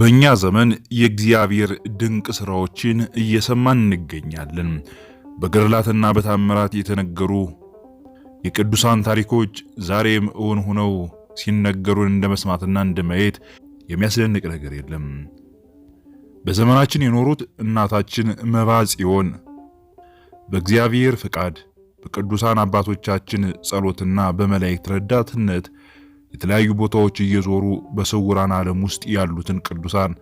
በእኛ ዘመን የእግዚአብሔር ድንቅ ሥራዎችን እየሰማን እንገኛለን። በገድላትና በታምራት የተነገሩ የቅዱሳን ታሪኮች ዛሬም እውን ሆነው ሲነገሩን እንደ መስማትና እንደ ማየት የሚያስደንቅ ነገር የለም። በዘመናችን የኖሩት እናታችን መባ ጽዮን በእግዚአብሔር ፍቃድ በቅዱሳን አባቶቻችን ጸሎትና በመላእክት ረዳትነት የተለያዩ ቦታዎች እየዞሩ በስውራን ዓለም ውስጥ ያሉትን ቅዱሳን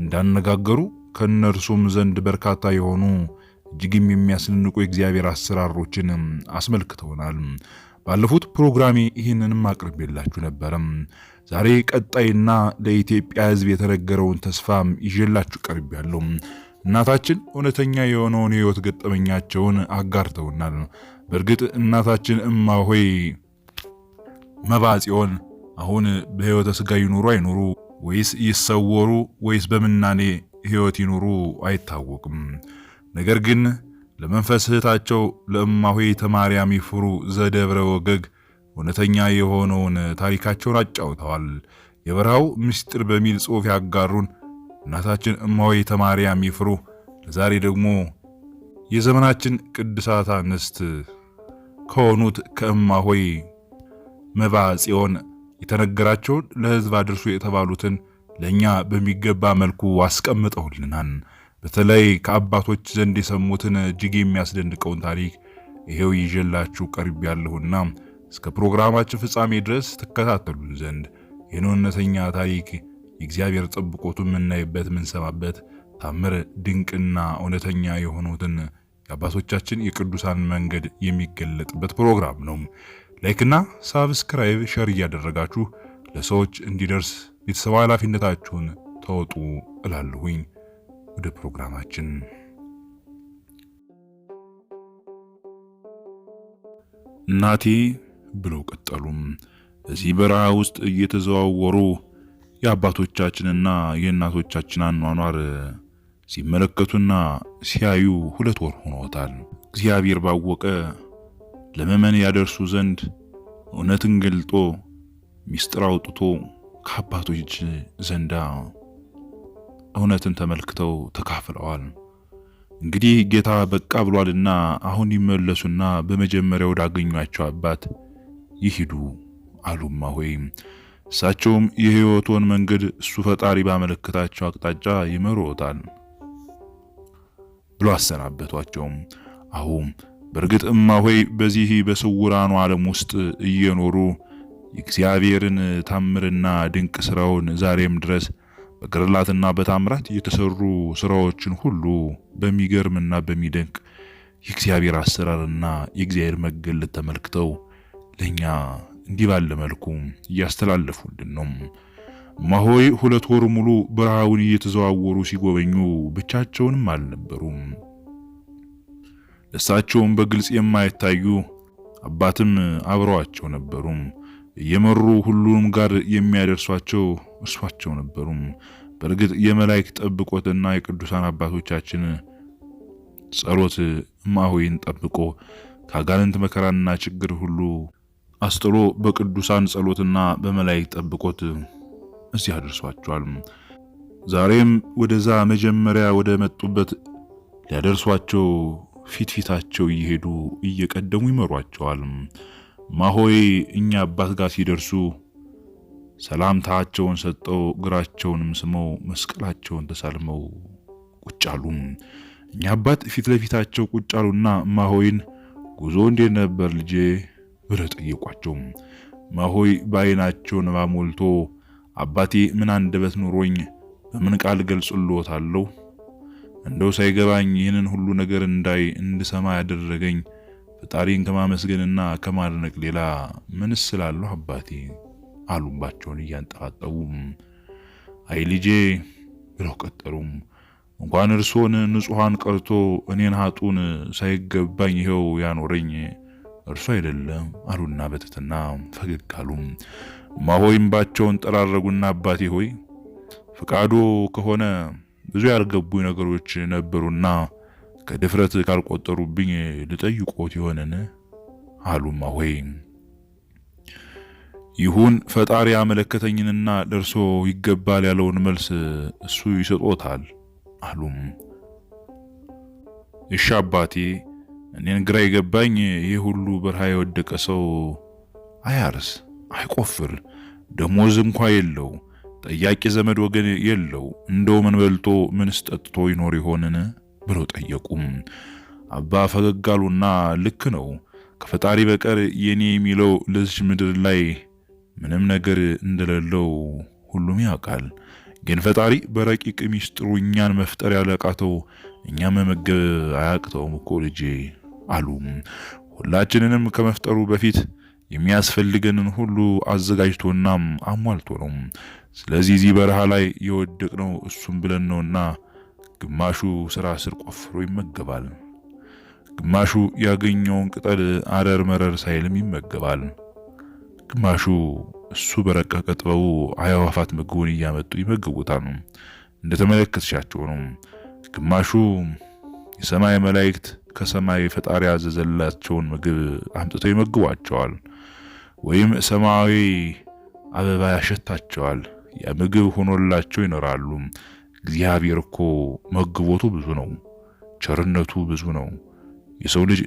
እንዳነጋገሩ ከእነርሱም ዘንድ በርካታ የሆኑ እጅግም የሚያስንንቁ የእግዚአብሔር አሰራሮችን አስመልክተውናል። ባለፉት ፕሮግራሜ ይህንንም አቅርቤላችሁ ነበረም። ዛሬ ቀጣይና ለኢትዮጵያ ሕዝብ የተነገረውን ተስፋም ይዤላችሁ ቀርቤያለሁ። እናታችን እውነተኛ የሆነውን ህይወት ገጠመኛቸውን አጋርተውናል። በእርግጥ እናታችን እማሆይ መባጽዮን አሁን በሕይወተ ሥጋ ይኑሩ አይኑሩ ወይስ ይሰወሩ ወይስ በምናኔ ሕይወት ይኑሩ አይታወቅም። ነገር ግን ለመንፈስ እህታቸው ለእማሆይተ ማርያም ይፍሩ ዘደብረ ወገግ እውነተኛ የሆነውን ታሪካቸውን አጫውተዋል። የበረሃው ምስጢር በሚል ጽሑፍ ያጋሩን እናታችን እማሆይተ ማርያም ይፍሩ ለዛሬ ደግሞ የዘመናችን ቅድሳት አንስት ከሆኑት ከእማሆይ ጽዮን የተነገራቸውን ለሕዝብ አድርሱ የተባሉትን ለእኛ በሚገባ መልኩ አስቀምጠውልናል። በተለይ ከአባቶች ዘንድ የሰሙትን እጅግ የሚያስደንቀውን ታሪክ ይሄው ይዤላችሁ ቀርብ ያለሁና እስከ ፕሮግራማችን ፍጻሜ ድረስ ትከታተሉን ዘንድ ይህን እውነተኛ ታሪክ የእግዚአብሔር ጥብቆቱ የምናይበት የምንሰማበት ታምር ድንቅና እውነተኛ የሆኑትን የአባቶቻችን የቅዱሳን መንገድ የሚገለጥበት ፕሮግራም ነው። ላይክና ሳብስክራይብ ሸር እያደረጋችሁ ለሰዎች እንዲደርስ ቤተሰባዊ ኃላፊነታችሁን ተወጡ እላለሁኝ። ወደ ፕሮግራማችን እናቴ ብለው ቀጠሉም። እዚህ በረሃ ውስጥ እየተዘዋወሩ የአባቶቻችንና የእናቶቻችን አኗኗር ሲመለከቱና ሲያዩ ሁለት ወር ሆኖታል። እግዚአብሔር ባወቀ ለመመን ያደርሱ ዘንድ እውነትን ገልጦ ሚስጥር አውጥቶ ከአባቶች ዘንዳ እውነትን ተመልክተው ተካፍለዋል። እንግዲህ ጌታ በቃ ብሏልና አሁን ይመለሱና በመጀመሪያ ወዳገኟቸው አባት ይሂዱ አሉማ ሆይ እሳቸውም የህይወቱን መንገድ እሱ ፈጣሪ ባመለከታቸው አቅጣጫ ይመሩታል ብሎ አሰናበቷቸውም። አሁን በእርግጥ እማሆይ በዚህ በስውራኑ ዓለም ውስጥ እየኖሩ የእግዚአብሔርን ታምርና ድንቅ ስራውን ዛሬም ድረስ በግርላትና በታምራት የተሰሩ ስራዎችን ሁሉ በሚገርምና በሚደንቅ የእግዚአብሔር አሰራርና የእግዚአብሔር መገለጥ ተመልክተው ለኛ እንዲህ ባለ መልኩ እያስተላለፉልን ነው። ማሆይ ሁለት ወር ሙሉ በረሃውን እየተዘዋወሩ ሲጎበኙ ብቻቸውንም አልነበሩም። እሳቸውም በግልጽ የማይታዩ አባትም አብረዋቸው ነበሩም። እየመሩ ሁሉም ጋር የሚያደርሷቸው እርሷቸው ነበሩም። በእርግጥ የመላእክት ጠብቆትና የቅዱሳን አባቶቻችን ጸሎት እማሆይን ጠብቆ ከአጋንንት መከራና ችግር ሁሉ አስጥሎ በቅዱሳን ጸሎትና በመላእክት ጠብቆት እዚህ አድርሷቸዋል። ዛሬም ወደዛ መጀመሪያ ወደ መጡበት ሊያደርሷቸው ፊት ፊታቸው እየሄዱ እየቀደሙ ይመሯቸዋል። ማሆይ እኛ አባት ጋር ሲደርሱ ሰላምታቸውን ሰጠው፣ እግራቸውንም ስመው መስቀላቸውን ተሳልመው ቁጭ አሉ። እኛ አባት ፊት ለፊታቸው ቁጭ አሉና ማሆይን ጉዞ እንዴት ነበር ልጄ ብለው ጠየቋቸው። ማሆይ በዓይናቸው እንባ ሞልቶ አባቴ ምን አንደበት ኑሮኝ በምን ቃል ገልጽልዎታለሁ እንደው ሳይገባኝ ይህንን ሁሉ ነገር እንዳይ እንድሰማ ያደረገኝ ፈጣሪን ከማመስገንና ከማድነቅ ሌላ ምንስ ስላለሁ አባቴ አሉባቸውን እያንጠባጠቡም። አይ ልጄ ብለው ቀጠሉም። እንኳን እርሶን ንጹሐን ቀርቶ እኔን ሀጡን ሳይገባኝ ይኸው ያኖረኝ እርሱ አይደለም አሉና በትትና ፈገግ አሉም። እማሆይ ጠራረጉና አባቴ ሆይ ፈቃዶ ከሆነ ብዙ ያልገቡኝ ነገሮች ነበሩና ከድፍረት ካልቆጠሩብኝ ልጠይቆት ይሆንን አሉማ ሆይ ይሁን ፈጣሪ ያመለከተኝንና ለእርሶ ይገባል ያለውን መልስ እሱ ይሰጦታል አሉም። እሺ አባቴ፣ እኔን ግራ የገባኝ ይህ ሁሉ በረሃ የወደቀ ሰው አያርስ፣ አይቆፍር፣ ደሞዝ እንኳ የለው ጠያቂ ዘመድ ወገን የለው እንደው ምን በልቶ ምንስ ጠጥቶ ይኖር ይሆንን ብለው ጠየቁም። አባ ፈገግ አሉና ልክ ነው ከፈጣሪ በቀር የኔ የሚለው ለዚች ምድር ላይ ምንም ነገር እንደሌለው ሁሉም ያውቃል። ግን ፈጣሪ በረቂቅ ሚስጥሩ እኛን መፍጠር ያለቃተው እኛ መመገብ አያቅተውም እኮ ልጄ አሉ። ሁላችንንም ከመፍጠሩ በፊት የሚያስፈልገንን ሁሉ አዘጋጅቶናም አሟልቶ ነው። ስለዚህ እዚህ በረሃ ላይ የወደቅነው እሱም ብለን ነውና ግማሹ ስራ ስር ቆፍሮ ይመገባል፣ ግማሹ ያገኘውን ቅጠል አረር መረር ሳይልም ይመገባል፣ ግማሹ እሱ በረቀቀ ጥበቡ አዕዋፋት ምግቡን እያመጡ ይመግቡታል፣ እንደተመለከትሻቸው ነው። ግማሹ የሰማይ መላእክት ከሰማይ ፈጣሪ ያዘዘላቸውን ምግብ አምጥተው ይመግቧቸዋል። ወይም ሰማያዊ አበባ ያሸታቸዋል። የምግብ ሆኖላቸው ይኖራሉ። እግዚአብሔር እኮ መግቦቱ ብዙ ነው፣ ቸርነቱ ብዙ ነው። የሰው ልጅ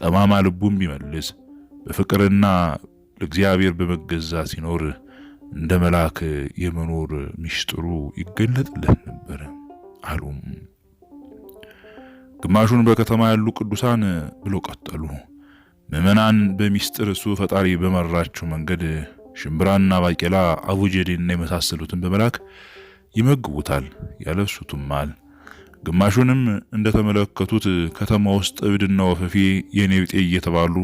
ጠማማ ልቡን ቢመልስ በፍቅርና ለእግዚአብሔር በመገዛ ሲኖር እንደ መልአክ የመኖር ሚስጥሩ ይገለጥለት ነበር አሉም ግማሹን በከተማ ያሉ ቅዱሳን ብለው ቀጠሉ። ምዕመናን በሚስጥር እሱ ፈጣሪ በመራቸው መንገድ ሽምብራና ባቄላ፣ አቡጀዴና የመሳሰሉትን በመላክ ይመግቡታል፣ ያለብሱትማል። ግማሹንም እንደተመለከቱት ከተማ ውስጥ እብድና ወፈፊ የኔ እየተባሉ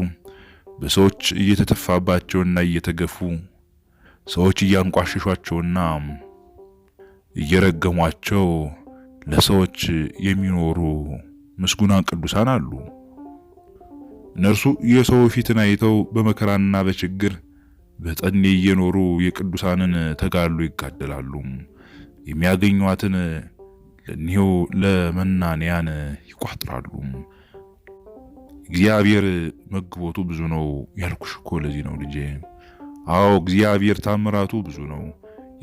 በሰዎች እየተተፋባቸውና እየተገፉ ሰዎች እያንቋሸሿቸውና እየረገሟቸው ለሰዎች የሚኖሩ ምስጉናን ቅዱሳን አሉ። እነርሱ የሰው ፊትን አይተው በመከራና በችግር በጠኔ እየኖሩ የቅዱሳንን ተጋሉ ይጋደላሉ። የሚያገኟትን ለኒው ለመናንያን ይቋጥራሉ። እግዚአብሔር መግቦቱ ብዙ ነው ያልኩሽ እኮ ለዚህ ነው ልጄ። አዎ እግዚአብሔር ታምራቱ ብዙ ነው።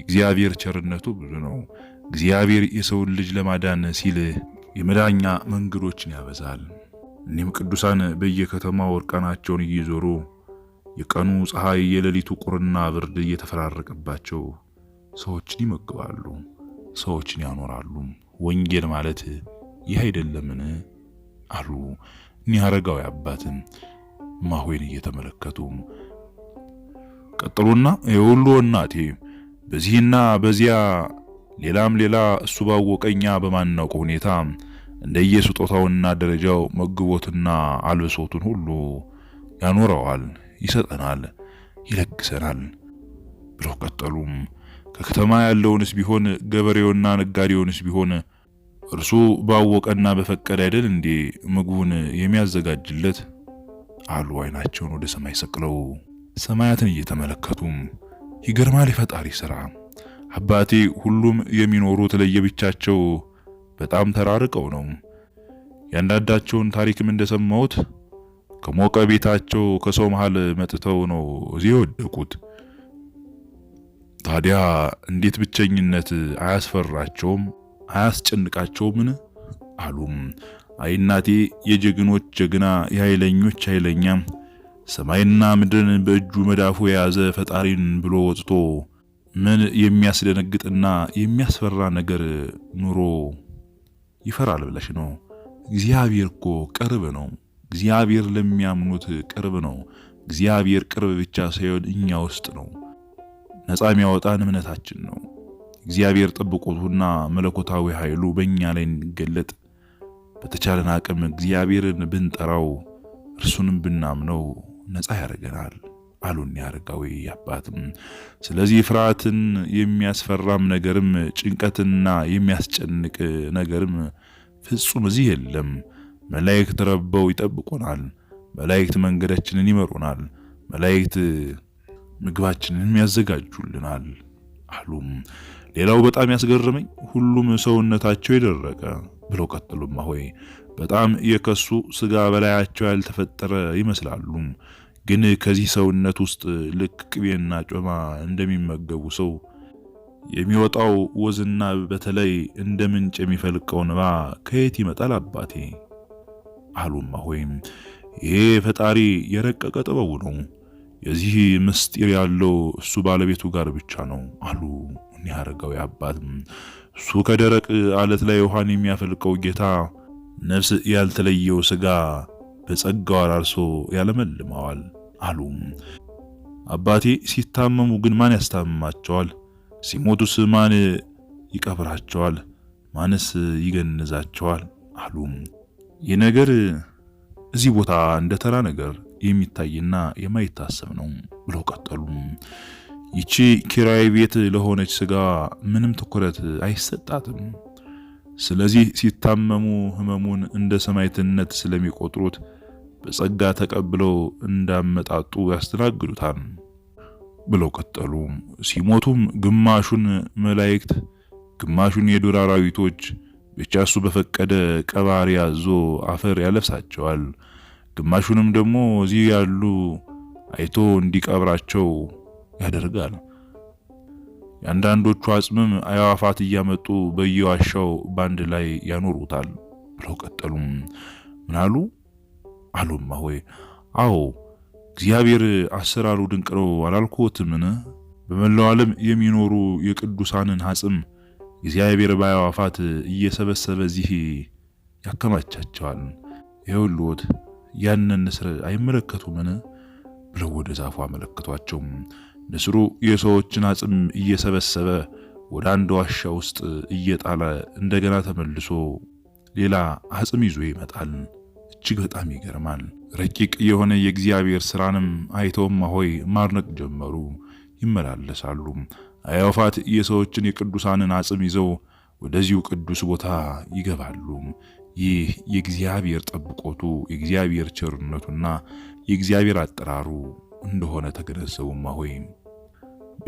እግዚአብሔር ቸርነቱ ብዙ ነው። እግዚአብሔር የሰውን ልጅ ለማዳን ሲል የመዳኛ መንገዶችን ያበዛል። እኒህም ቅዱሳን በየከተማው እርቃናቸውን እየዞሩ የቀኑ ፀሐይ የሌሊቱ ቁርና ብርድ እየተፈራረቀባቸው ሰዎችን ይመግባሉ፣ ሰዎችን ያኖራሉ። ወንጌል ማለት ይህ አይደለምን? አሉ እኒህ አረጋዊ አባትን ማሆይን እየተመለከቱ ቀጥሉና የሁሉ እናቴ በዚህና በዚያ ሌላም ሌላ እሱ ባወቀኛ በማናውቀው ሁኔታ እንደየስጦታውና ደረጃው መግቦትና አልብሶቱን ሁሉ ያኖረዋል፣ ይሰጠናል፣ ይለግሰናል ብለው ቀጠሉም። ከከተማ ያለውንስ ቢሆን ገበሬውና ነጋዴውንስ ቢሆን እርሱ ባወቀና በፈቀደ አይደል እንዴ ምግቡን የሚያዘጋጅለት አሉ። አይናቸውን ወደ ሰማይ ሰቅለው ሰማያትን እየተመለከቱም ይገርማል የፈጣሪ ስራ። አባቴ ሁሉም የሚኖሩት ለየብቻቸው በጣም ተራርቀው ነው። ያንዳንዳቸውን ታሪክም እንደሰማሁት ከሞቀ ቤታቸው ከሰው መሃል መጥተው ነው እዚህ የወደቁት። ታዲያ እንዴት ብቸኝነት አያስፈራቸውም? አያስጨንቃቸውምን? አሉም። አይ እናቴ፣ የጀግኖች ጀግና፣ የኃይለኞች ኃይለኛ፣ ሰማይና ምድርን በእጁ መዳፉ የያዘ ፈጣሪን ብሎ ወጥቶ ምን የሚያስደነግጥና የሚያስፈራ ነገር ኑሮ ይፈራል ብለሽ ነው። እግዚአብሔር እኮ ቅርብ ነው። እግዚአብሔር ለሚያምኑት ቅርብ ነው። እግዚአብሔር ቅርብ ብቻ ሳይሆን እኛ ውስጥ ነው። ነፃ የሚያወጣን እምነታችን ነው። እግዚአብሔር ጥብቆቱና መለኮታዊ ኃይሉ በእኛ ላይ እንገለጥ በተቻለን አቅም እግዚአብሔርን ብንጠራው እርሱንም ብናምነው ነፃ ያደርገናል። አሉን ያረጋዊ አባትም። ስለዚህ ፍርሃትን የሚያስፈራም ነገርም ጭንቀትና የሚያስጨንቅ ነገርም ፍጹም እዚህ የለም። መላእክት ረበው ይጠብቁናል። መላእክት መንገዳችንን ይመሩናል። መላእክት ምግባችንን ያዘጋጁልናል አሉም። ሌላው በጣም ያስገረመኝ ሁሉም ሰውነታቸው የደረቀ ብለው ቀጥሉማ ሆይ በጣም የከሱ ስጋ በላያቸው ያልተፈጠረ ይመስላሉ። ግን ከዚህ ሰውነት ውስጥ ልክ ቅቤና ጮማ እንደሚመገቡ ሰው የሚወጣው ወዝና በተለይ እንደ ምንጭ የሚፈልቀው ንባ ከየት ይመጣል አባቴ? አሉማ ሆይም ይሄ ፈጣሪ የረቀቀ ጥበቡ ነው። የዚህ ምስጢር ያለው እሱ ባለቤቱ ጋር ብቻ ነው አሉ እኒህ አረጋዊ አባት። እሱ ከደረቅ አለት ላይ ውሃን የሚያፈልቀው ጌታ ነፍስ ያልተለየው ስጋ በጸጋው አራርሶ ያለመልመዋል። አሉ። አባቴ ሲታመሙ ግን ማን ያስታምማቸዋል? ሲሞቱስ ማን ይቀብራቸዋል? ማንስ ይገንዛቸዋል? አሉ። ይህ ነገር እዚህ ቦታ እንደ ተራ ነገር የሚታይና የማይታሰብ ነው ብለው ቀጠሉ። ይቺ ኪራይ ቤት ለሆነች ስጋ ምንም ትኩረት አይሰጣትም። ስለዚህ ሲታመሙ ህመሙን እንደ ሰማዕትነት ስለሚቆጥሩት በጸጋ ተቀብለው እንዳመጣጡ ያስተናግዱታል ብለው ቀጠሉ። ሲሞቱም ግማሹን መላእክት፣ ግማሹን የዱር አራዊቶች ብቻ እሱ በፈቀደ ቀባሪ አዞ አፈር ያለብሳቸዋል። ግማሹንም ደግሞ እዚህ ያሉ አይቶ እንዲቀብራቸው ያደርጋል። የአንዳንዶቹ አጽምም አዕዋፋት እያመጡ በየዋሻው ባንድ ላይ ያኖሩታል ብለው ቀጠሉም ምናሉ አሉማ ሆይ አዎ እግዚአብሔር አሰራሩ ድንቅ ነው አላልኩትምን? በመላው ዓለም የሚኖሩ የቅዱሳንን አጽም እግዚአብሔር ባያዋፋት እየሰበሰበ እዚህ ያከማቻቸዋል። ይኸውልዎት ያንን ንስር አይመለከቱምን? ብለው ወደ ዛፉ አመለከቷቸው። ንስሩ የሰዎችን አጽም እየሰበሰበ ወደ አንድ ዋሻ ውስጥ እየጣለ እንደገና ተመልሶ ሌላ አጽም ይዞ ይመጣል። እጅግ በጣም ይገርማል። ረቂቅ የሆነ የእግዚአብሔር ስራንም አይተውም አሆይ ማድነቅ ጀመሩ። ይመላለሳሉ። አዕዋፋት የሰዎችን የቅዱሳንን አጽም ይዘው ወደዚሁ ቅዱስ ቦታ ይገባሉ። ይህ የእግዚአብሔር ጠብቆቱ የእግዚአብሔር ቸርነቱና የእግዚአብሔር አጠራሩ እንደሆነ ተገነዘቡማ ሆይ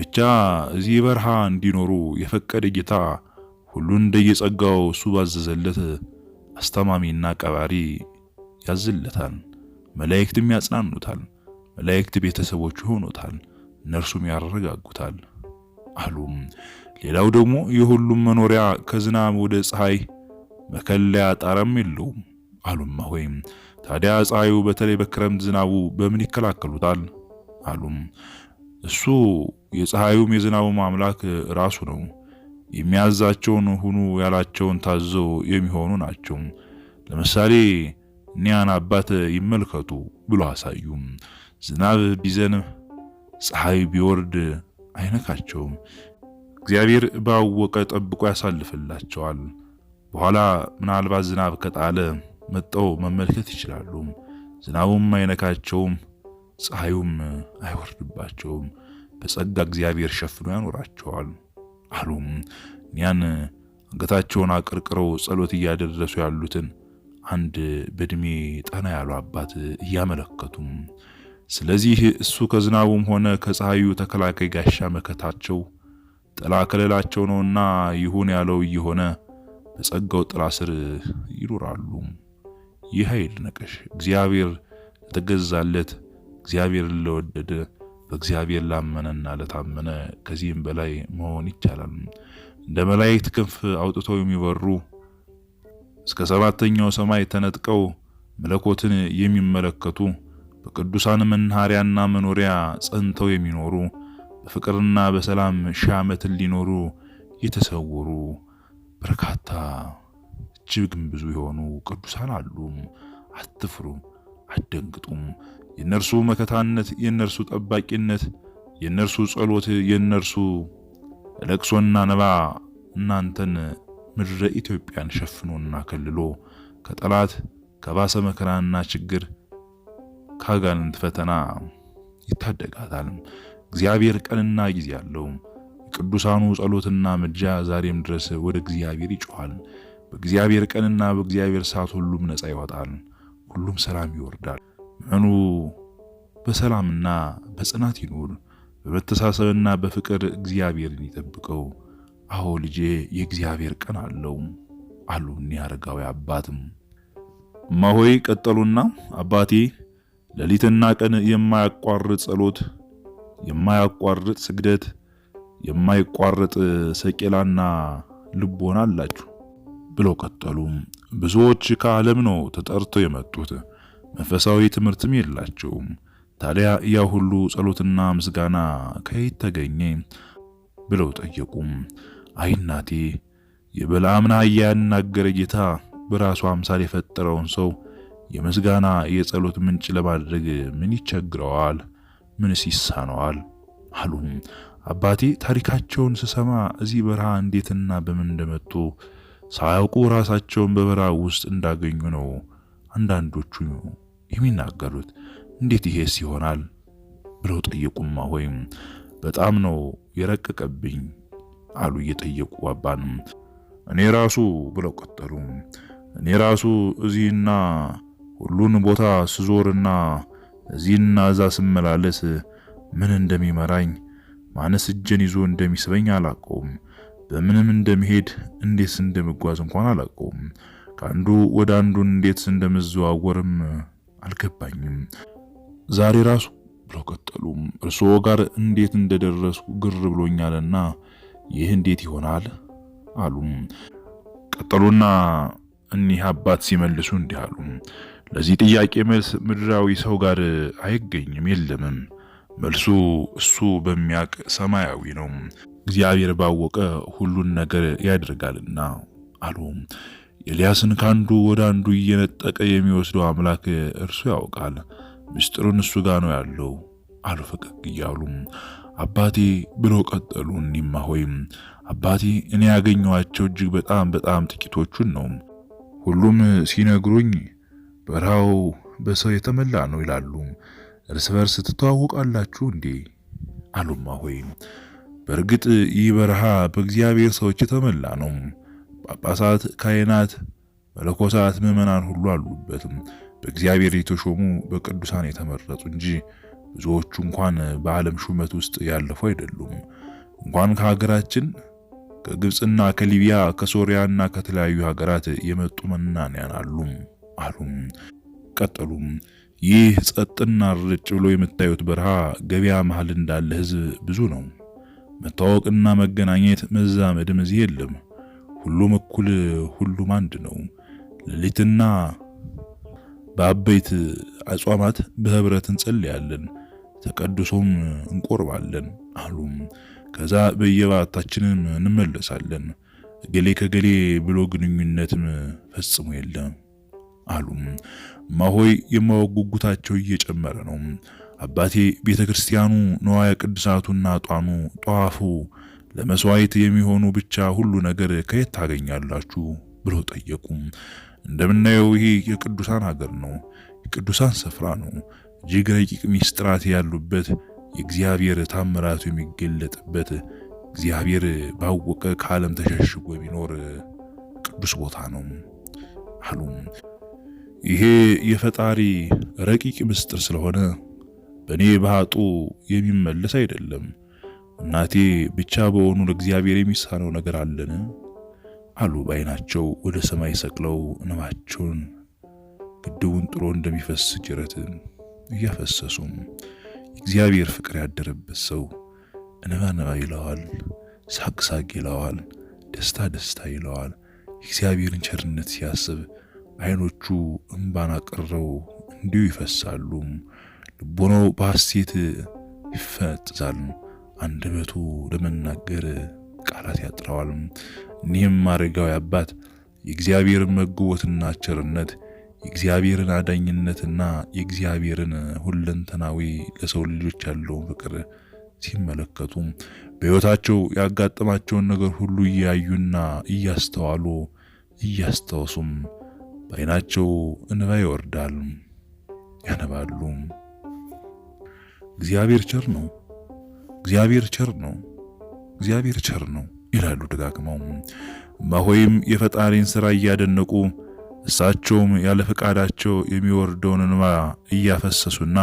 ብቻ እዚህ በረሃ እንዲኖሩ የፈቀደ ጌታ ሁሉን እንደየጸጋው እሱ ባዘዘለት አስተማሚና ቀባሪ ያዝለታል። መላእክትም ያጽናኑታል። መላእክት ቤተሰቦቹ ሆኖታል፣ እነርሱም ያረጋጉታል አሉም። ሌላው ደግሞ የሁሉም መኖሪያ ከዝናብ ወደ ፀሐይ መከለያ ጣራም የለውም አሉም። ሆይም ታዲያ ፀሐዩ በተለይ በክረምት ዝናቡ በምን ይከላከሉታል አሉም። እሱ የፀሐዩም የዝናቡም አምላክ ራሱ ነው። የሚያዛቸውን ሁኑ ያላቸውን ታዘው የሚሆኑ ናቸው። ለምሳሌ እኒያን አባት ይመልከቱ ብሎ አሳዩም። ዝናብ ቢዘንብ፣ ፀሐይ ቢወርድ አይነካቸውም። እግዚአብሔር ባወቀ ጠብቆ ያሳልፍላቸዋል። በኋላ ምናልባት ዝናብ ከጣለ መጠው መመልከት ይችላሉ። ዝናቡም አይነካቸውም፣ ፀሐዩም አይወርድባቸውም። በጸጋ እግዚአብሔር ሸፍኖ ያኖራቸዋል አሉም። እኒያን አንገታቸውን አቀርቅረው ጸሎት እያደረሱ ያሉትን አንድ በእድሜ ጠና ያሉ አባት እያመለከቱም ስለዚህ እሱ ከዝናቡም ሆነ ከፀሐዩ ተከላካይ ጋሻ መከታቸው ጥላ ከለላቸው ነውና ይሁን ያለው እየሆነ በጸጋው ጥላ ስር ይኖራሉ። ይህ ኃይል ነቀሽ እግዚአብሔር ለተገዛለት እግዚአብሔር ለወደደ በእግዚአብሔር ላመነና ለታመነ ከዚህም በላይ መሆን ይቻላል። እንደ መላእክት ክንፍ አውጥተው የሚበሩ እስከ ሰባተኛው ሰማይ ተነጥቀው መለኮትን የሚመለከቱ በቅዱሳን መናኸሪያና መኖሪያ ጸንተው የሚኖሩ በፍቅርና በሰላም ሺህ ዓመትን ሊኖሩ የተሰወሩ በርካታ እጅግም ብዙ የሆኑ ቅዱሳን አሉ። አትፍሩ፣ አደንግጡም የእነርሱ መከታነት፣ የእነርሱ ጠባቂነት፣ የእነርሱ ጸሎት፣ የእነርሱ ለቅሶና ነባ እናንተን ምድረ ኢትዮጵያን ሸፍኖና ከልሎ ከጠላት ከባሰ መከራና ችግር ካጋንንት ፈተና ይታደጋታል። እግዚአብሔር ቀንና ጊዜ አለው። የቅዱሳኑ ጸሎትና ምልጃ ዛሬም ድረስ ወደ እግዚአብሔር ይጮሃል። በእግዚአብሔር ቀንና በእግዚአብሔር ሰዓት ሁሉም ነፃ ይወጣል፣ ሁሉም ሰላም ይወርዳል። ምዕኑ በሰላምና በጽናት ይኑር፣ በመተሳሰብና በፍቅር እግዚአብሔርን ይጠብቀው። አዎ ልጄ የእግዚአብሔር ቀን አለው አሉ እኒህ አረጋዊ አባትም። እማሆይ ቀጠሉና አባቴ ሌሊትና ቀን የማያቋርጥ ጸሎት፣ የማያቋርጥ ስግደት፣ የማይቋርጥ ሰቄላና ልቦና አላችሁ ብለው ቀጠሉ። ብዙዎች ከዓለም ነው ተጠርተው የመጡት መንፈሳዊ ትምህርትም የላቸውም። ታዲያ ያ ሁሉ ጸሎትና ምስጋና ከየት ተገኘ ብለው ጠየቁም። አይ እናቴ፣ የበለዓምን አህያ ያናገረ ጌታ በራሱ አምሳል የፈጠረውን ሰው የምስጋና የጸሎት ምንጭ ለማድረግ ምን ይቸግረዋል? ምንስ ይሳነዋል? አሉም። አባቴ ታሪካቸውን ስሰማ እዚህ በረሃ እንዴትና በምን እንደመጡ ሳያውቁ ራሳቸውን በበረሃ ውስጥ እንዳገኙ ነው አንዳንዶቹ የሚናገሩት። እንዴት ይሄስ ይሆናል ብለው ጠየቁማ። ሆይም በጣም ነው የረቀቀብኝ አሉ እየጠየቁ አባን። እኔ ራሱ ብለው ቀጠሉ፣ እኔ ራሱ እዚህና ሁሉን ቦታ ስዞርና እዚህና እዛ ስመላለስ ምን እንደሚመራኝ ማነስ እጄን ይዞ እንደሚስበኝ አላቀውም። በምንም እንደሚሄድ እንዴት እንደምጓዝ እንኳን አላቀውም። ከአንዱ ወደ አንዱ እንዴት እንደምዘዋወርም አልገባኝም። ዛሬ ራሱ ብለው ቀጠሉ፣ እርስዎ ጋር እንዴት እንደደረስኩ ግር ብሎኛልና ይህ እንዴት ይሆናል አሉም። ቀጠሉና እኒህ አባት ሲመልሱ እንዲህ አሉ። ለዚህ ጥያቄ መልስ ምድራዊ ሰው ጋር አይገኝም፣ የለምም። መልሱ እሱ በሚያውቅ ሰማያዊ ነው፣ እግዚአብሔር ባወቀ ሁሉን ነገር ያደርጋልና አሉ። ኤልያስን ከአንዱ ወደ አንዱ እየነጠቀ የሚወስደው አምላክ እርሱ ያውቃል፣ ምስጢሩን እሱ ጋር ነው ያለው አሉ ፈቀቅ እያሉ አባቴ ብለው ቀጠሉ እኒማ ሆይ። አባቴ እኔ ያገኘኋቸው እጅግ በጣም በጣም ጥቂቶቹን ነው። ሁሉም ሲነግሩኝ በረሃው በሰው የተመላ ነው ይላሉ። እርስ በርስ ትተዋወቃላችሁ እንዴ አሉማ ሆይ። በእርግጥ ይህ በረሃ በእግዚአብሔር ሰዎች የተመላ ነው። ጳጳሳት፣ ካህናት፣ መለኮሳት፣ ምዕመናን ሁሉ አሉበትም። በእግዚአብሔር የተሾሙ በቅዱሳን የተመረጡ እንጂ ብዙዎቹ እንኳን በዓለም ሹመት ውስጥ ያለፉ አይደሉም። እንኳን ከሀገራችን ከግብፅና ከሊቢያ ከሶሪያና ከተለያዩ ሀገራት የመጡ መናንያን አሉም አሉም ቀጠሉም። ይህ ጸጥና ርጭ ብሎ የምታዩት በረሃ ገበያ መሃል እንዳለ ህዝብ ብዙ ነው። መታወቅና መገናኘት መዛመድም እዚህ የለም። ሁሉም እኩል፣ ሁሉም አንድ ነው። ሌሊትና በአበይት አጽዋማት በህብረት እንጸልያለን። ተቀድሶም እንቆርባለን አሉም። ከዛ በየባታችንም እንመለሳለን። ገሌ ከገሌ ብሎ ግንኙነትም ፈጽሞ የለም አሉም። ማሆይ የማወጉጉታቸው እየጨመረ ነው። አባቴ ቤተ ክርስቲያኑ ነዋያ ቅዱሳቱና ጧኑ ጧፉ ለመስዋዕት የሚሆኑ ብቻ ሁሉ ነገር ከየት ታገኛላችሁ ብሎ ጠየቁም። እንደምናየው ይሄ የቅዱሳን ሀገር ነው፣ የቅዱሳን ስፍራ ነው። እጅግ ረቂቅ ሚስጥራት ያሉበት የእግዚአብሔር ታምራቱ የሚገለጥበት እግዚአብሔር ባወቀ ከዓለም ተሸሽጎ የሚኖር ቅዱስ ቦታ ነው አሉ። ይሄ የፈጣሪ ረቂቅ ምስጢር ስለሆነ በእኔ ባጡ የሚመለስ አይደለም። እናቴ ብቻ በሆኑ ለእግዚአብሔር የሚሳነው ነገር አለን አሉ። በዓይናቸው ወደ ሰማይ ሰቅለው እንባቸውን ግድቡን ጥሎ እንደሚፈስ ጅረት እያፈሰሱም እግዚአብሔር ፍቅር ያደረበት ሰው እነባነባ ይለዋል፣ ሳቅሳቅ ይለዋል፣ ደስታ ደስታ ይለዋል። የእግዚአብሔርን ቸርነት ሲያስብ አይኖቹ እምባን አቅርረው እንዲሁ ይፈሳሉ። ልቦናው በሐሴት ይፈነጥዛል፣ አንደበቱ ለመናገር ቃላት ያጥረዋል። እኒህም አረጋዊ አባት የእግዚአብሔርን መግቦትና ቸርነት የእግዚአብሔርን አዳኝነትና የእግዚአብሔርን ሁለንተናዊ ለሰው ልጆች ያለውን ፍቅር ሲመለከቱ በሕይወታቸው ያጋጠማቸውን ነገር ሁሉ እያዩና እያስተዋሉ እያስታወሱም በዓይናቸው እንባ ይወርዳል፣ ያነባሉ። እግዚአብሔር ቸር ነው፣ እግዚአብሔር ቸር ነው፣ እግዚአብሔር ቸር ነው ይላሉ ደጋግመው። እማሆይም የፈጣሪን ሥራ እያደነቁ እሳቸውም ያለ ፈቃዳቸው የሚወርደውን እንባ እያፈሰሱና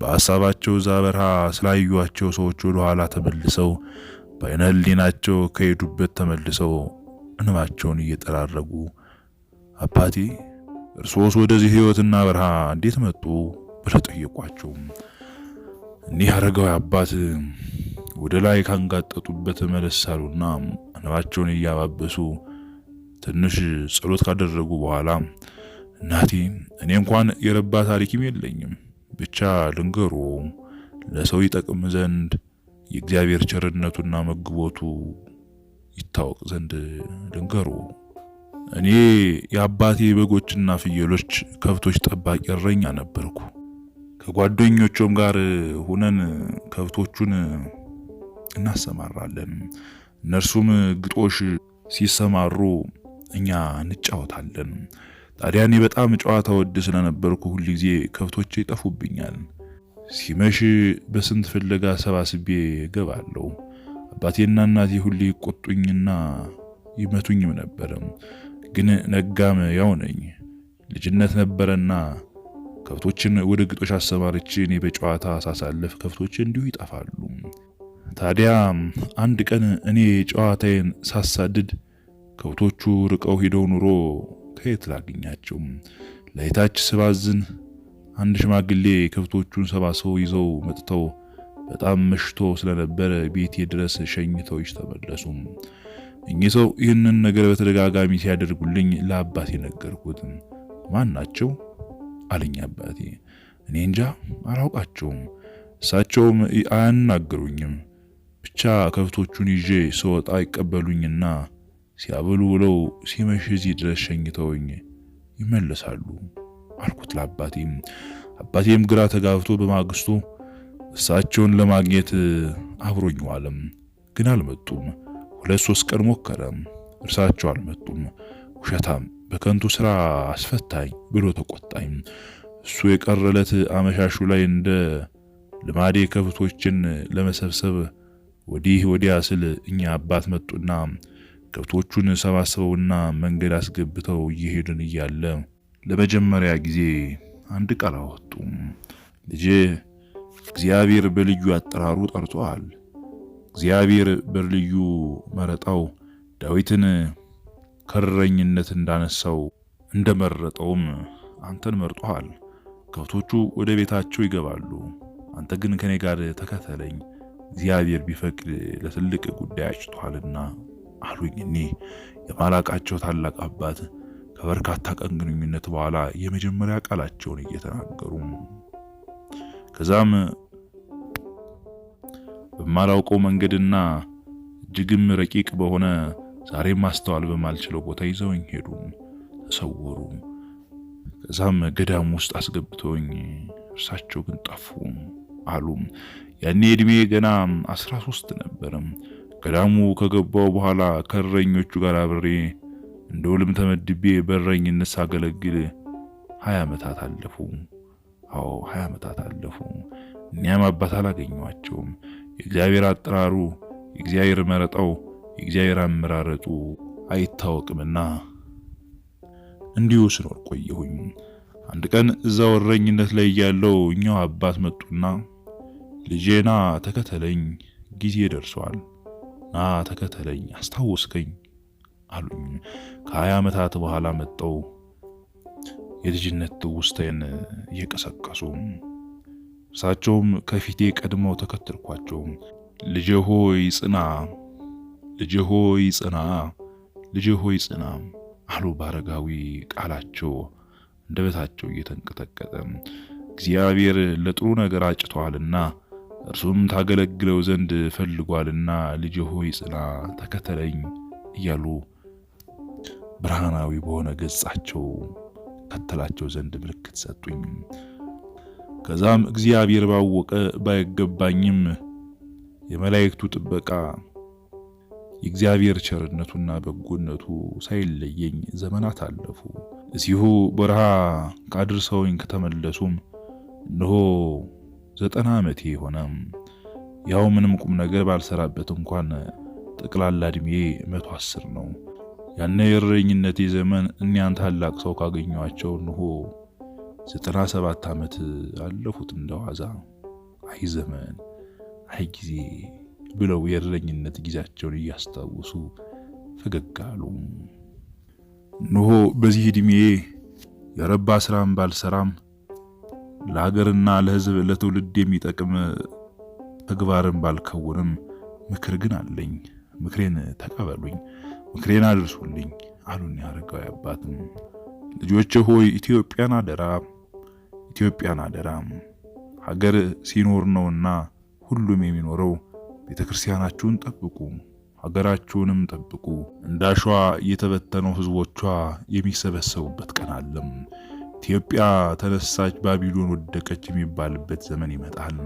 በሀሳባቸው እዛ በረሃ ስላዩዋቸው ሰዎች ወደ ኋላ ተመልሰው በአይነ ህሊናቸው ከሄዱበት ተመልሰው እንባቸውን እየጠራረጉ አባቴ እርሶስ ወደዚህ ህይወትና በረሃ እንዴት መጡ ብለው ጠየቋቸው። እኒህ አረጋዊ አባት ወደ ላይ ካንጋጠጡበት መለስ አሉና እንባቸውን እያባበሱ ትንሽ ጸሎት ካደረጉ በኋላ እናቴ እኔ እንኳን የረባ ታሪክም የለኝም፣ ብቻ ልንገሮ ለሰው ይጠቅም ዘንድ የእግዚአብሔር ቸርነቱና መግቦቱ ይታወቅ ዘንድ ልንገሮ እኔ የአባቴ በጎችና ፍየሎች፣ ከብቶች ጠባቂ እረኛ ነበርኩ። ከጓደኞቹም ጋር ሁነን ከብቶቹን እናሰማራለን። እነርሱም ግጦሽ ሲሰማሩ እኛ እንጫወታለን። ታዲያ እኔ በጣም ጨዋታ ወድ ስለነበርኩ ጊዜ ከብቶቼ ይጠፉብኛል። ሲመሽ በስንት ፍለጋ ሰባስቤ ገባለሁ። አባቴና እናቴ ሁሌ ይቆጡኝና ይመቱኝም ነበር። ግን ነጋም ያው ነኝ። ልጅነት ነበረና ከብቶችን ወደ ግጦሽ አሰማርቼ እኔ በጨዋታ ሳሳለፍ ከብቶች እንዲሁ ይጠፋሉ። ታዲያ አንድ ቀን እኔ ጨዋታዬን ሳሳድድ ከብቶቹ ርቀው ሂደው ኑሮ ከየት ላገኛቸው? ላይታች ስባዝን አንድ ሽማግሌ ከብቶቹን ሰባሰው ይዘው መጥተው በጣም መሽቶ ስለነበረ ቤቴ ድረስ ሸኝተውች ተመለሱ። እኚህ ሰው ይህንን ነገር በተደጋጋሚ ሲያደርጉልኝ ለአባቴ ነገርኩት። ማን ናቸው አለኝ አባቴ። እኔ እንጃ አላውቃቸውም፣ እሳቸውም አያናገሩኝም። ብቻ ከብቶቹን ይዤ ስወጣ ይቀበሉኝና ሲያበሉ ብለው ሲመሽ እዚህ ድረስ ሸኝተውኝ ይመለሳሉ አልኩት ለአባቴም። አባቴም ግራ ተጋብቶ በማግስቱ እሳቸውን ለማግኘት አብሮኝ ዋለም። ግን አልመጡም። ሁለት ሶስት ቀን ሞከረ፣ እርሳቸው አልመጡም። ውሸታም በከንቱ ስራ አስፈታኝ ብሎ ተቆጣኝ። እሱ የቀረለት አመሻሹ ላይ እንደ ልማዴ ከብቶችን ለመሰብሰብ ወዲህ ወዲያ ስል እኛ አባት መጡና ከብቶቹን ሰባስበውና መንገድ አስገብተው እየሄድን እያለ ለመጀመሪያ ጊዜ አንድ ቃል አወጡ። ልጄ እግዚአብሔር በልዩ አጠራሩ ጠርቶሃል። እግዚአብሔር በልዩ መረጣው ዳዊትን ከረኝነት እንዳነሳው እንደመረጠውም አንተን መርጦሃል። ከብቶቹ ወደ ቤታቸው ይገባሉ። አንተ ግን ከኔ ጋር ተከተለኝ፣ እግዚአብሔር ቢፈቅድ ለትልቅ ጉዳይ አጭቶሃልና አሉኝ እኔ የማላቃቸው ታላቅ አባት ከበርካታ ቀን ግንኙነት በኋላ የመጀመሪያ ቃላቸውን እየተናገሩ ከዛም በማላውቀው መንገድና እጅግም ረቂቅ በሆነ ዛሬም ማስተዋል በማልችለው ቦታ ይዘውኝ ሄዱ፣ ተሰወሩ። ከዛም ገዳም ውስጥ አስገብተውኝ እርሳቸው ግን ጠፉ አሉ። ያኔ እድሜ ገና አስራ ሶስት ነበርም። ገዳሙ ከገባው በኋላ ከረኞቹ ጋር አብሬ እንደ ውልም ተመድቤ በእረኝነት ሳገለግል ሀያ ዓመታት አለፉ። አዎ ሀያ ዓመታት አለፉ። እኒያም አባት አላገኘኋቸውም። የእግዚአብሔር አጠራሩ፣ የእግዚአብሔር መረጣው፣ የእግዚአብሔር አመራረጡ አይታወቅምና እንዲሁ ስኖር ቆየሁኝ። አንድ ቀን እዛው እረኝነት ላይ ያለው እኛው አባት መጡና ልጄና ተከተለኝ ጊዜ ደርሷል ና ተከተለኝ፣ አስታወስከኝ አሉኝ። ከሀያ ዓመታት በኋላ መጠው የልጅነት ትውስታዬን እየቀሰቀሱ እሳቸውም ከፊቴ ቀድመው ተከተልኳቸው። ልጄ ሆይ ጽና፣ ልጄ ሆይ ጽና፣ ልጄ ሆይ ጽና አሉ ባረጋዊ ቃላቸው፣ እንደበታቸው እየተንቀጠቀጠ እግዚአብሔር ለጥሩ ነገር አጭቷልና። እርሱም ታገለግለው ዘንድ ፈልጓልና ልጅ ሆይ ጽና፣ ተከተለኝ እያሉ ብርሃናዊ በሆነ ገጻቸው ከተላቸው ዘንድ ምልክት ሰጡኝ። ከዛም እግዚአብሔር ባወቀ ባይገባኝም የመላእክቱ ጥበቃ የእግዚአብሔር ቸርነቱና በጎነቱ ሳይለየኝ ዘመናት አለፉ። እዚሁ በረሃ ካድርሰውኝ ከተመለሱም እነሆ ዘጠና ዓመቴ ሆነ። ያው ምንም ቁም ነገር ባልሰራበት እንኳን ጠቅላላ እድሜ መቶ አስር ነው። ያነ የእረኝነቴ ዘመን እኒያን ታላቅ ሰው ካገኘኋቸው እንሆ ዘጠና ሰባት ዓመት አለፉት እንደዋዛ። አይ ዘመን አይ ጊዜ ብለው የእረኝነት ጊዜያቸውን እያስታወሱ ፈገግ አሉ። እንሆ በዚህ እድሜ የረባ ስራም ባልሰራም ለሀገርና ለሕዝብ ለትውልድ የሚጠቅም ተግባርን ባልከውንም ምክር ግን አለኝ። ምክሬን ተቀበሉኝ፣ ምክሬን አድርሱልኝ አሉን ያረጋዊ አባትም። ልጆች ሆይ ኢትዮጵያን አደራ፣ ኢትዮጵያን አደራ። ሀገር ሲኖር ነውና ሁሉም የሚኖረው። ቤተክርስቲያናችሁን ጠብቁ፣ ሀገራችሁንም ጠብቁ። እንዳሸዋ የተበተነው ህዝቦቿ የሚሰበሰቡበት ቀን አለም። ኢትዮጵያ ተነሳች፣ ባቢሎን ወደቀች የሚባልበት ዘመን ይመጣል።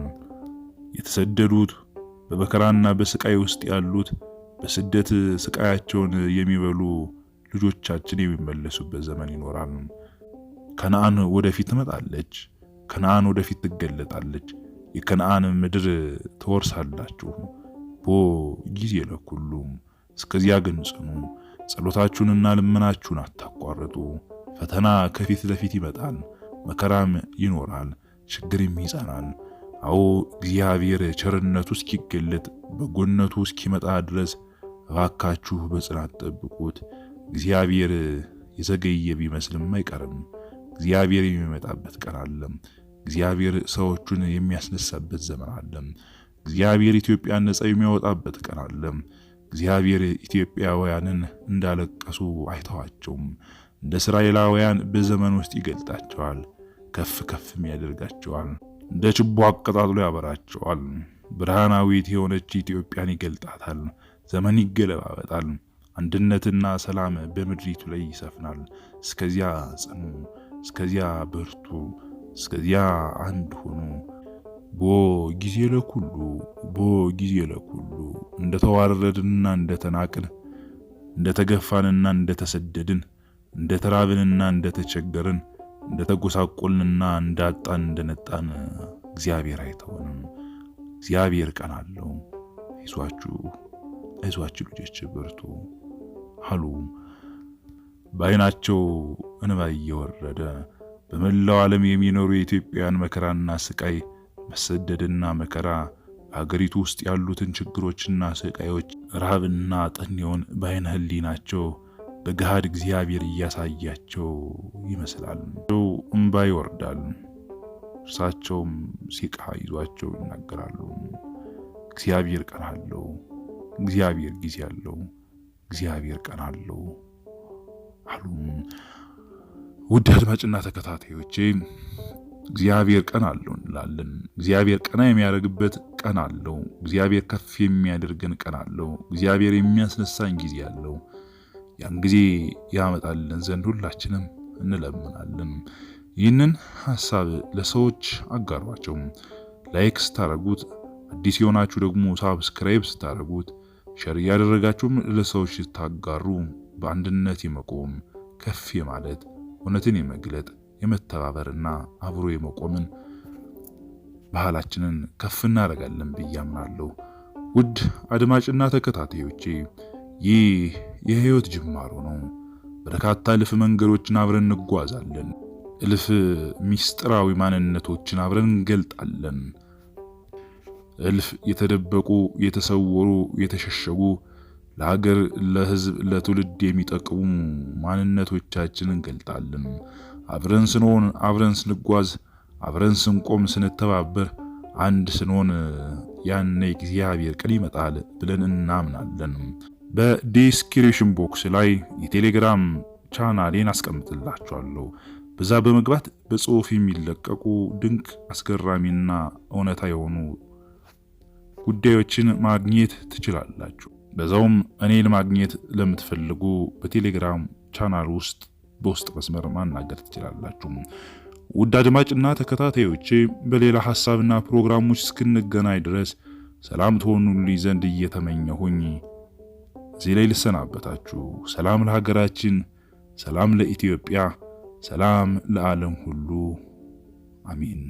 የተሰደዱት በመከራና በስቃይ ውስጥ ያሉት በስደት ስቃያቸውን የሚበሉ ልጆቻችን የሚመለሱበት ዘመን ይኖራል። ከነአን ወደፊት ትመጣለች። ከነአን ወደፊት ትገለጣለች። የከነአን ምድር ትወርሳላችሁ። ቦ ጊዜ ለኩሉም። እስከዚያ ግን ጽኑ፣ ጸሎታችሁንና ልመናችሁን አታቋርጡ። ፈተና ከፊት ለፊት ይመጣል፣ መከራም ይኖራል፣ ችግርም ይጸናል። አዎ እግዚአብሔር ቸርነቱ እስኪገለጥ በጎነቱ እስኪመጣ ድረስ እባካችሁ በጽናት ጠብቁት። እግዚአብሔር የዘገየ ቢመስልም አይቀርም። እግዚአብሔር የሚመጣበት ቀን አለም። እግዚአብሔር ሰዎቹን የሚያስነሳበት ዘመን አለም። እግዚአብሔር ኢትዮጵያን ነጻ የሚያወጣበት ቀን አለም። እግዚአብሔር ኢትዮጵያውያንን እንዳለቀሱ አይተዋቸውም። እንደ እስራኤላውያን በዘመን ውስጥ ይገልጣቸዋል፣ ከፍ ከፍም ያደርጋቸዋል፣ እንደ ችቦ አቀጣጥሎ ያበራቸዋል። ብርሃናዊት የሆነች ኢትዮጵያን ይገልጣታል። ዘመን ይገለባበጣል፣ አንድነትና ሰላም በምድሪቱ ላይ ይሰፍናል። እስከዚያ ጽኑ፣ እስከዚያ ብርቱ፣ እስከዚያ አንድ ሆኑ። ቦ ጊዜ ለኩሉ ቦ ጊዜ ለኩሉ እንደተዋረድንና እንደተናቅን እንደተገፋንና እንደተሰደድን እንደ ተራብንና እንደ ተቸገርን እንደ ተጎሳቆልንና እንዳጣን እንደነጣን እግዚአብሔር አይተውንም። እግዚአብሔር ቀን አለው። አይዟችሁ አይዟችሁ ልጆች በርቱ አሉ። በዓይናቸው እንባ እየወረደ በመላው ዓለም የሚኖሩ የኢትዮጵያውያን መከራና ስቃይ፣ መሰደድና መከራ በሀገሪቱ ውስጥ ያሉትን ችግሮችና ስቃዮች፣ ረሃብና ጠኔውን በዓይነ ህሊናቸው በገሃድ እግዚአብሔር እያሳያቸው ይመስላል። እምባ ይወርዳል፣ እርሳቸውም ሲቃ ይዟቸው ይናገራሉ። እግዚአብሔር ቀን አለው፣ እግዚአብሔር ጊዜ አለው፣ እግዚአብሔር ቀን አለው አሉ። ውድ አድማጭና ተከታታዮቼ እግዚአብሔር ቀን አለው እንላለን። እግዚአብሔር ቀና የሚያደርግበት ቀን አለው። እግዚአብሔር ከፍ የሚያደርገን ቀን አለው። እግዚአብሔር የሚያስነሳን ጊዜ አለው። ያን ጊዜ ያመጣልን ዘንድ ሁላችንም እንለምናለን። ይህንን ሀሳብ ለሰዎች አጋሯቸው። ላይክ ስታደርጉት አዲስ የሆናችሁ ደግሞ ሳብስክራይብ ስታደርጉት ሸር እያደረጋችሁም ለሰዎች ስታጋሩ በአንድነት የመቆም ከፍ የማለት እውነትን የመግለጥ የመተባበርና አብሮ የመቆምን ባህላችንን ከፍ እናደርጋለን ብዬ አምናለሁ። ውድ አድማጭና ተከታታዮቼ ይህ የህይወት ጅማሮ ነው። በርካታ እልፍ መንገዶችን አብረን እንጓዛለን። እልፍ ሚስጥራዊ ማንነቶችን አብረን እንገልጣለን። እልፍ የተደበቁ፣ የተሰወሩ፣ የተሸሸጉ ለሀገር፣ ለህዝብ፣ ለትውልድ የሚጠቅሙ ማንነቶቻችን እንገልጣለን። አብረን ስንሆን፣ አብረን ስንጓዝ፣ አብረን ስንቆም፣ ስንተባበር አንድ ስንሆን ያኔ እግዚአብሔር ቀን ይመጣል ብለን እናምናለን። በዲስክሪፕሽን ቦክስ ላይ የቴሌግራም ቻናሌን አስቀምጥላችኋለሁ። በዛ በመግባት በጽሁፍ የሚለቀቁ ድንቅ አስገራሚና እውነታ የሆኑ ጉዳዮችን ማግኘት ትችላላችሁ። በዛውም እኔን ማግኘት ለምትፈልጉ በቴሌግራም ቻናል ውስጥ በውስጥ መስመር ማናገር ትችላላችሁ። ውድ አድማጭና ተከታታዮቼ በሌላ ሀሳብና ፕሮግራሞች እስክንገናኝ ድረስ ሰላም ትሆኑልኝ ዘንድ እየተመኘሁኝ እዚህ ላይ ልሰናበታችሁ። ሰላም ለሀገራችን፣ ሰላም ለኢትዮጵያ፣ ሰላም ለዓለም ሁሉ አሚን።